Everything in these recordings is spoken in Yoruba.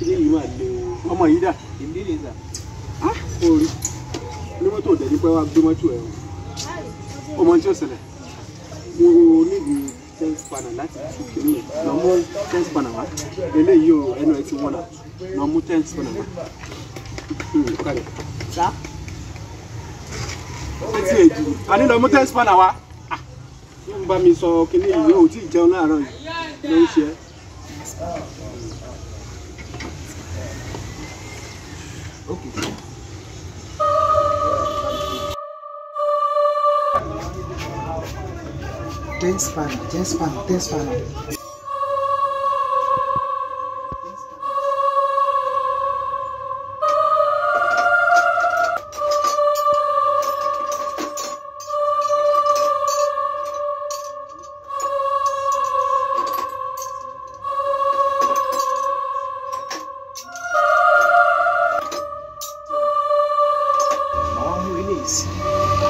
ilé yìí máa lé o ọmọ yìí dà. èmi rè sà. orí pé wàá gbé mọ́tò ẹ̀ o ọmọ tí ó ṣẹlẹ̀ mo nídìí ten spanner láti fi kìíní yẹn lọ mú ten spanner wá eléyìí o ẹnu ẹ ti wọ́n la lọ mú ten spanner wá hmm, kálẹ̀. sá. ó ti èjì a ní lọ mú ten spanner wá ah, ló ń bá mi sọ kìíní yìí o ò tí ì jẹun láàárọ̀ yìí ló ń ṣe é. dance panel, dance panel, dance panel.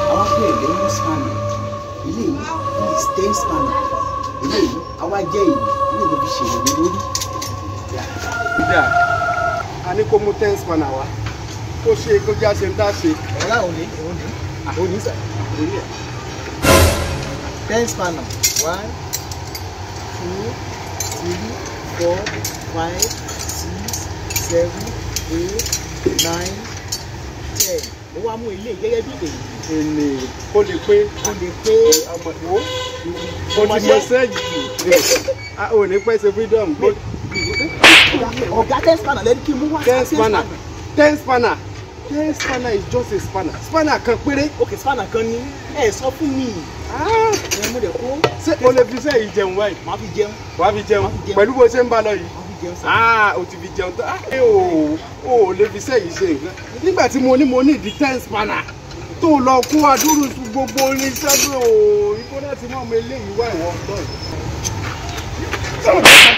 Awak ini, awak the stain spanner eléyìí àwa jẹ́ èyí ilé ìlú fi ṣèlè ní lórí. ìdá a ní kó mú ten spanner wá kó ṣe kó já ṣe ń dá ṣe. ọ̀la òní òní òní sà òní ẹ̀. ten spanner one two three four five six seven eight nine ten ó wá mú ilé gẹ́gẹ́ bí èyí. èmi kò lè pé kò lè pé àmọ̀wò mo ti mọ sẹ́yìn rẹ̀ ò ní pẹ́ ṣe freedom. ọ̀gá ten spanner lẹ́nu kí n mú wá ten spanner ten spanner ten spanner is just a spanner spanner kan péré. ok spanner kan ni ẹ sọ fún mi. Ah. ẹ mú dẹ kó. ṣé o lè fi sẹ́yìn jẹun wáyé. màá fi jẹun. wàá fi jẹun pẹ̀lú bó ṣe ń bá lọ yìí ah o ti fi jẹun tó ah o ò lè fi sẹ́yìn ṣe nǹkan nígbà tí mo ní mo ní ìdí ten spanner tó lọ kó adúrú gbogbo irinṣẹ́ náà o ìkó láti mọ̀ ọmọ eléyìí wá ìwọ ọ̀dọ́ yìí.